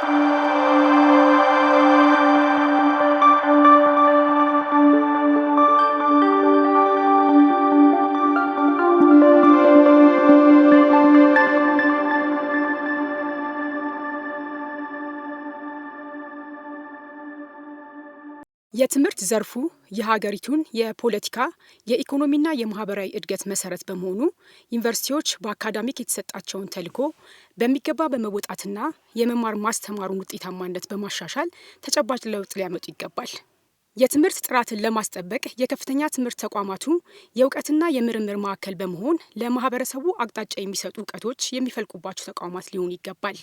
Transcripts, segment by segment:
Thank you. የትምህርት ዘርፉ የሀገሪቱን የፖለቲካ የኢኮኖሚና የማህበራዊ እድገት መሰረት በመሆኑ ዩኒቨርሲቲዎች በአካዳሚክ የተሰጣቸውን ተልዕኮ በሚገባ በመወጣትና የመማር ማስተማሩን ውጤታማነት በማሻሻል ተጨባጭ ለውጥ ሊያመጡ ይገባል። የትምህርት ጥራትን ለማስጠበቅ የከፍተኛ ትምህርት ተቋማቱ የእውቀትና የምርምር ማዕከል በመሆን ለማህበረሰቡ አቅጣጫ የሚሰጡ እውቀቶች የሚፈልቁባቸው ተቋማት ሊሆኑ ይገባል።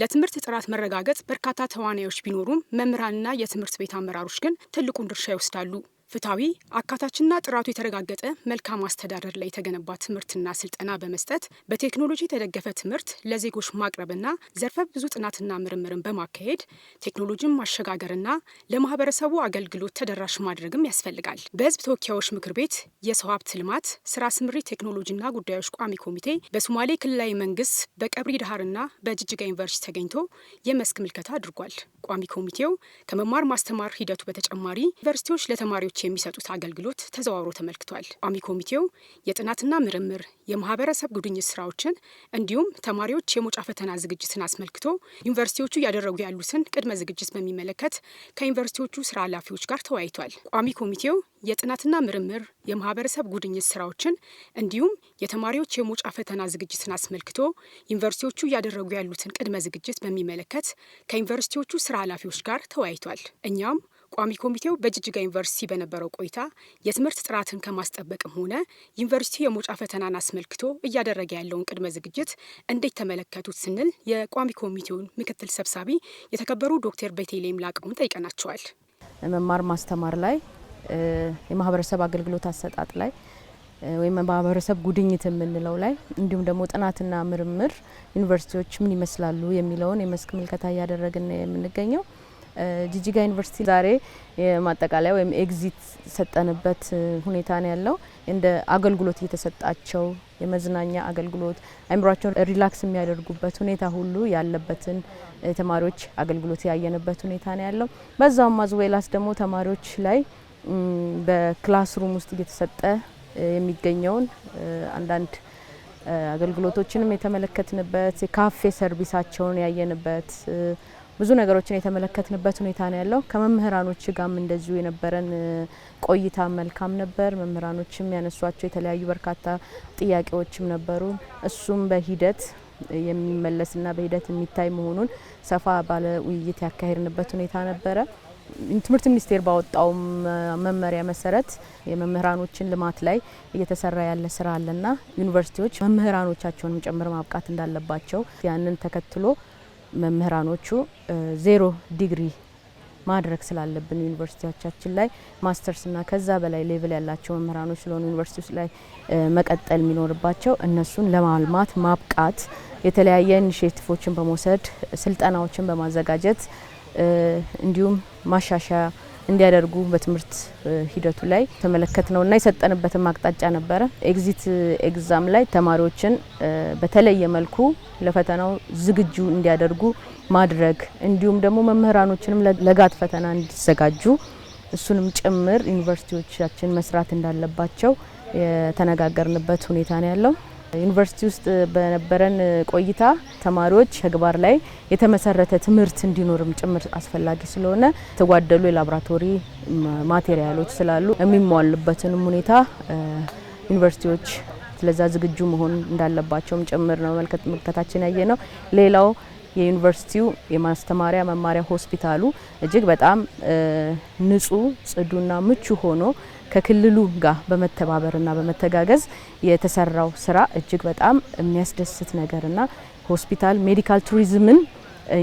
ለትምህርት ጥራት መረጋገጥ በርካታ ተዋናዮች ቢኖሩም መምህራንና የትምህርት ቤት አመራሮች ግን ትልቁን ድርሻ ይወስዳሉ። ፍትሐዊ አካታችና ጥራቱ የተረጋገጠ መልካም አስተዳደር ላይ የተገነባ ትምህርትና ስልጠና በመስጠት በቴክኖሎጂ የተደገፈ ትምህርት ለዜጎች ማቅረብና ዘርፈ ብዙ ጥናትና ምርምርን በማካሄድ ቴክኖሎጂን ማሸጋገርና ለማህበረሰቡ አገልግሎት ተደራሽ ማድረግም ያስፈልጋል። በህዝብ ተወካዮች ምክር ቤት የሰው ሀብት ልማት ስራ ስምሪት ቴክኖሎጂና ጉዳዮች ቋሚ ኮሚቴ በሶማሌ ክልላዊ መንግስት በቀብሪ ዳሃርና በጅጅጋ ዩኒቨርሲቲ ተገኝቶ የመስክ ምልከታ አድርጓል። ቋሚ ኮሚቴው ከመማር ማስተማር ሂደቱ በተጨማሪ ዩኒቨርሲቲዎች ለተማሪዎች የሚሰጡት አገልግሎት ተዘዋውሮ ተመልክቷል። ቋሚ ኮሚቴው የጥናትና ምርምር፣ የማህበረሰብ ጉድኝት ስራዎችን እንዲሁም ተማሪዎች የመውጫ ፈተና ዝግጅትን አስመልክቶ ዩኒቨርሲቲዎቹ እያደረጉ ያሉትን ቅድመ ዝግጅት በሚመለከት ከዩኒቨርሲቲዎቹ ስራ ኃላፊዎች ጋር ተወያይቷል። ቋሚ ኮሚቴው የጥናትና ምርምር የማህበረሰብ ጉድኝት ስራዎችን እንዲሁም የተማሪዎች የመውጫ ፈተና ዝግጅትን አስመልክቶ ዩኒቨርሲቲዎቹ እያደረጉ ያሉትን ቅድመ ዝግጅት በሚመለከት ከዩኒቨርሲቲዎቹ ስራ ኃላፊዎች ጋር ተወያይቷል። እኛም ቋሚ ኮሚቴው በጅጅጋ ዩኒቨርሲቲ በነበረው ቆይታ የትምህርት ጥራትን ከማስጠበቅም ሆነ ዩኒቨርሲቲው የመውጫ ፈተናን አስመልክቶ እያደረገ ያለውን ቅድመ ዝግጅት እንዴት ተመለከቱት ስንል የቋሚ ኮሚቴውን ምክትል ሰብሳቢ የተከበሩ ዶክተር ቤቴሌም ላቀውን ጠይቀናቸዋል። መማር ማስተማር ላይ የማህበረሰብ አገልግሎት አሰጣጥ ላይ ወይም ማህበረሰብ ጉድኝት የምንለው ላይ እንዲሁም ደግሞ ጥናትና ምርምር ዩኒቨርሲቲዎች ምን ይመስላሉ የሚለውን የመስክ ምልከታ እያደረግን የምንገኘው ጂጂጋ ዩኒቨርሲቲ ዛሬ የማጠቃለያ ወይም ኤግዚት ሰጠንበት ሁኔታ ነው ያለው። እንደ አገልግሎት እየተሰጣቸው የመዝናኛ አገልግሎት አይምሯቸውን ሪላክስ የሚያደርጉበት ሁኔታ ሁሉ ያለበትን ተማሪዎች አገልግሎት ያየንበት ሁኔታ ነው ያለው። በዛውም አዝዌላስ ደግሞ ተማሪዎች ላይ በክላስሩም ውስጥ እየተሰጠ የሚገኘውን አንዳንድ አገልግሎቶችንም የተመለከትንበት የካፌ ሰርቪሳቸውን ያየንበት ብዙ ነገሮችን የተመለከትንበት ሁኔታ ነው ያለው። ከመምህራኖች ጋርም እንደዚሁ የነበረን ቆይታ መልካም ነበር። መምህራኖችም ያነሷቸው የተለያዩ በርካታ ጥያቄዎችም ነበሩ። እሱም በሂደት የሚመለስና በሂደት የሚታይ መሆኑን ሰፋ ባለ ውይይት ያካሄድንበት ሁኔታ ነበረ። ትምህርት ሚኒስቴር ባወጣው መመሪያ መሰረት የመምህራኖችን ልማት ላይ እየተሰራ ያለ ስራ አለና ዩኒቨርሲቲዎች መምህራኖቻቸውንም ጭምር ማብቃት እንዳለባቸው ያንን ተከትሎ መምህራኖቹ ዜሮ ዲግሪ ማድረግ ስላለብን ዩኒቨርሲቲዎቻችን ላይ ማስተርስና ከዛ በላይ ሌቭል ያላቸው መምህራኖች ስለሆኑ ዩኒቨርሲቲ ውስጥ ላይ መቀጠል የሚኖርባቸው እነሱን ለማልማት ማብቃት፣ የተለያየ ኢኒሽቲቮችን በመውሰድ ስልጠናዎችን በማዘጋጀት እንዲሁም ማሻሻያ እንዲያደርጉ በትምህርት ሂደቱ ላይ ተመለከት ነው እና የሰጠንበትም አቅጣጫ ነበረ። ኤግዚት ኤግዛም ላይ ተማሪዎችን በተለየ መልኩ ለፈተናው ዝግጁ እንዲያደርጉ ማድረግ እንዲሁም ደግሞ መምህራኖችንም ለጋት ፈተና እንዲዘጋጁ እሱንም ጭምር ዩኒቨርሲቲዎቻችን መስራት እንዳለባቸው የተነጋገርንበት ሁኔታ ነው ያለው። ዩኒቨርሲቲ ውስጥ በነበረን ቆይታ ተማሪዎች ተግባር ላይ የተመሰረተ ትምህርት እንዲኖርም ጭምር አስፈላጊ ስለሆነ የተጓደሉ የላቦራቶሪ ማቴሪያሎች ስላሉ የሚሟሉበትንም ሁኔታ ዩኒቨርሲቲዎች ለዛ ዝግጁ መሆን እንዳለባቸውም ጭምር ነው ምልከታችን ያየ ነው። ሌላው የዩኒቨርሲቲው የማስተማሪያ መማሪያ ሆስፒታሉ እጅግ በጣም ንጹህ ጽዱና ምቹ ሆኖ ከክልሉ ጋር በመተባበርና በመተጋገዝ የተሰራው ስራ እጅግ በጣም የሚያስደስት ነገርና ሆስፒታል ሜዲካል ቱሪዝምን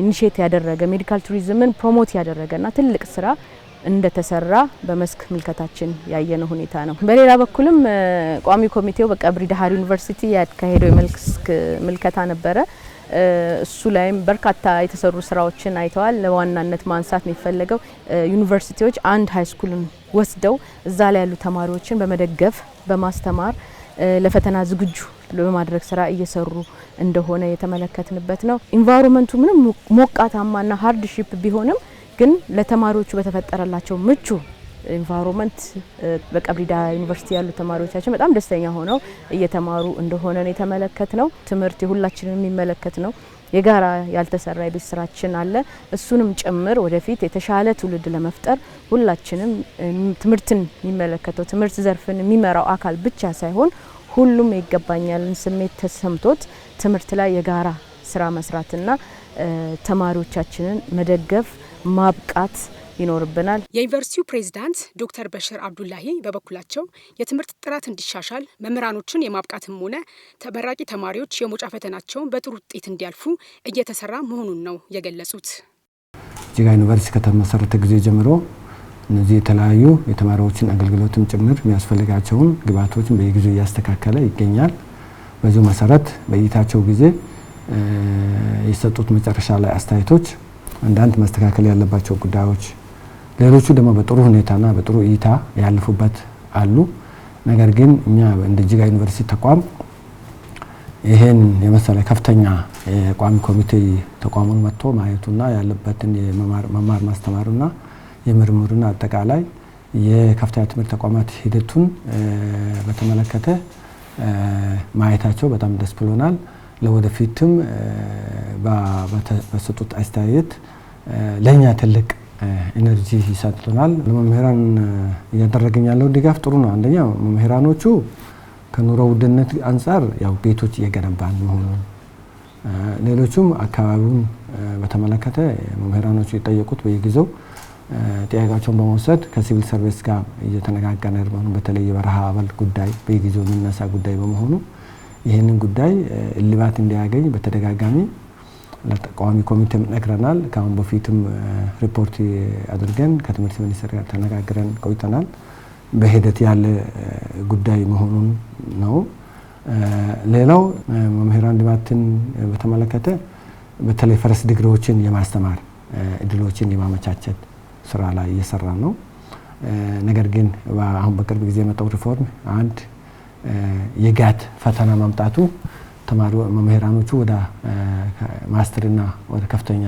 ኢኒሽት ያደረገ ሜዲካል ቱሪዝምን ፕሮሞት ያደረገና ትልቅ ስራ እንደተሰራ በመስክ ምልከታችን ያየነው ሁኔታ ነው። በሌላ በኩልም ቋሚ ኮሚቴው በቀብሪ ዳሃር ዩኒቨርሲቲ ያካሄደው የመስክ ምልከታ ነበረ። እሱ ላይም በርካታ የተሰሩ ስራዎችን አይተዋል። ለዋናነት ማንሳት የሚፈለገው ዩኒቨርሲቲዎች አንድ ሃይስኩልን ወስደው እዛ ላይ ያሉ ተማሪዎችን በመደገፍ በማስተማር ለፈተና ዝግጁ በማድረግ ስራ እየሰሩ እንደሆነ የተመለከትንበት ነው። ኢንቫይሮንመንቱ ምንም ሞቃታማና ሀርድ ሺፕ ቢሆንም ግን ለተማሪዎቹ በተፈጠረላቸው ምቹ ኢንቫይሮንመንት በቀብሪዳ ዩኒቨርሲቲ ያሉ ተማሪዎቻችን በጣም ደስተኛ ሆነው እየተማሩ እንደሆነ ነው የተመለከት ነው። ትምህርት የሁላችንም የሚመለከት ነው። የጋራ ያልተሰራ የቤት ስራችን አለ። እሱንም ጭምር ወደፊት የተሻለ ትውልድ ለመፍጠር ሁላችንም ትምህርትን የሚመለከተው ትምህርት ዘርፍን የሚመራው አካል ብቻ ሳይሆን ሁሉም ይገባኛልን ስሜት ተሰምቶት ትምህርት ላይ የጋራ ስራ መስራትና ተማሪዎቻችንን መደገፍ ማብቃት ይኖርብናል። የዩኒቨርሲቲው ፕሬዚዳንት ዶክተር በሽር አብዱላሂ በበኩላቸው የትምህርት ጥራት እንዲሻሻል መምህራኖችን የማብቃትም ሆነ ተመራቂ ተማሪዎች የመውጫ ፈተናቸውን በጥሩ ውጤት እንዲያልፉ እየተሰራ መሆኑን ነው የገለጹት። ጅጋ ዩኒቨርሲቲ ከተመሰረተ ጊዜ ጀምሮ እነዚህ የተለያዩ የተማሪዎችን አገልግሎትም ጭምር የሚያስፈልጋቸውን ግብዓቶችን በየጊዜው እያስተካከለ ይገኛል። በዚሁ መሰረት በይታቸው ጊዜ የሰጡት መጨረሻ ላይ አስተያየቶች አንዳንድ መስተካከል ያለባቸው ጉዳዮች ሌሎቹ ደግሞ በጥሩ ሁኔታና በጥሩ እይታ ያለፉበት አሉ። ነገር ግን እኛ እንደ ጅጋ ዩኒቨርሲቲ ተቋም ይሄን የመሰለ ከፍተኛ የቋሚ ኮሚቴ ተቋሙን መጥቶ ማየቱና ያለበትን የመማር ማስተማሩና የምርምሩና አጠቃላይ የከፍተኛ ትምህርት ተቋማት ሂደቱን በተመለከተ ማየታቸው በጣም ደስ ብሎናል። ለወደፊትም በሰጡት አስተያየት ለእኛ ትልቅ ኤነርጂ ይሰጡናል። ለመምህራን እያደረገኝ ያለው ድጋፍ ጥሩ ነው። አንደኛ መምህራኖቹ ከኑሮ ውድነት አንጻር ያው ቤቶች እየገነባን መሆኑን፣ ሌሎቹም አካባቢውን በተመለከተ መምህራኖቹ የጠየቁት በየጊዜው ጥያቄያቸውን በመውሰድ ከሲቪል ሰርቪስ ጋር እየተነጋገረ መሆኑ በተለይ የበረሃ አበል ጉዳይ በየጊዜው የሚነሳ ጉዳይ በመሆኑ ይህንን ጉዳይ እልባት እንዲያገኝ በተደጋጋሚ ለተቃዋሚ ኮሚቴም ነግረናል። ከአሁን በፊትም ሪፖርት አድርገን ከትምህርት ሚኒስቴር ጋር ተነጋግረን ቆይተናል። በሂደት ያለ ጉዳይ መሆኑን ነው። ሌላው መምህራን ልማትን በተመለከተ በተለይ ፈረስ ዲግሪዎችን የማስተማር እድሎችን የማመቻቸት ስራ ላይ እየሰራ ነው። ነገር ግን አሁን በቅርብ ጊዜ የመጣው ሪፎርም አንድ የጋት ፈተና ማምጣቱ ተማሪ መምህራኖቹ ወደ ማስትርና ወደ ከፍተኛ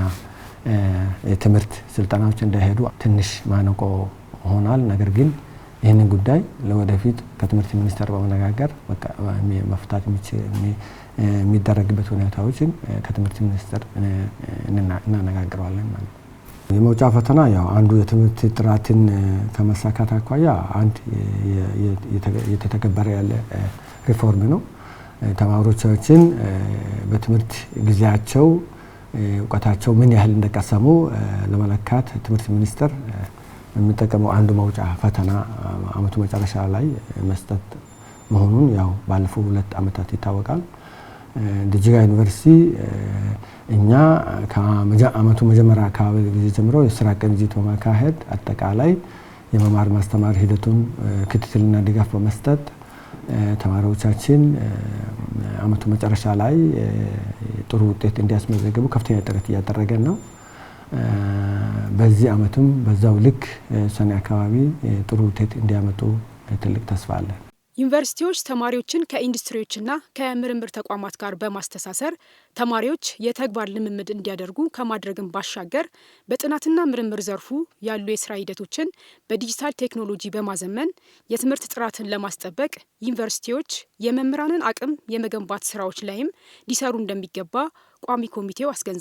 የትምህርት ስልጠናዎች እንዳይሄዱ ትንሽ ማነቆ ሆኗል። ነገር ግን ይህንን ጉዳይ ለወደፊት ከትምህርት ሚኒስቴር በመነጋገር መፍታት የሚደረግበት ሁኔታዎችን ከትምህርት ሚኒስቴር እናነጋግረዋለን ማለት ነው። የመውጫ ፈተና ያው አንዱ የትምህርት ጥራትን ከመሳካት አኳያ አንድ እየተተገበረ ያለ ሪፎርም ነው። ተማሪዎቻችን በትምህርት ጊዜያቸው እውቀታቸው ምን ያህል እንደቀሰሙ ለመለካት ትምህርት ሚኒስቴር የሚጠቀመው አንዱ መውጫ ፈተና አመቱ መጨረሻ ላይ መስጠት መሆኑን ያው ባለፈው ሁለት አመታት ይታወቃል። ጅግጅጋ ዩኒቨርሲቲ እኛ ከአመቱ መጀመሪያ አካባቢ ጊዜ ጀምሮ የስራ ቅንጅት በማካሄድ አጠቃላይ የመማር ማስተማር ሂደቱን ክትትልና ድጋፍ በመስጠት ተማሪዎቻችን አመቱ መጨረሻ ላይ ጥሩ ውጤት እንዲያስመዘግቡ ከፍተኛ ጥረት እያደረገን ነው። በዚህ አመትም በዛው ልክ ሰኔ አካባቢ ጥሩ ውጤት እንዲያመጡ ትልቅ ተስፋ አለን። ዩኒቨርሲቲዎች ተማሪዎችን ከኢንዱስትሪዎችና ከምርምር ተቋማት ጋር በማስተሳሰር ተማሪዎች የተግባር ልምምድ እንዲያደርጉ ከማድረግም ባሻገር በጥናትና ምርምር ዘርፉ ያሉ የስራ ሂደቶችን በዲጂታል ቴክኖሎጂ በማዘመን የትምህርት ጥራትን ለማስጠበቅ ዩኒቨርሲቲዎች የመምህራንን አቅም የመገንባት ስራዎች ላይም ሊሰሩ እንደሚገባ ቋሚ ኮሚቴው አስገንዝቧል።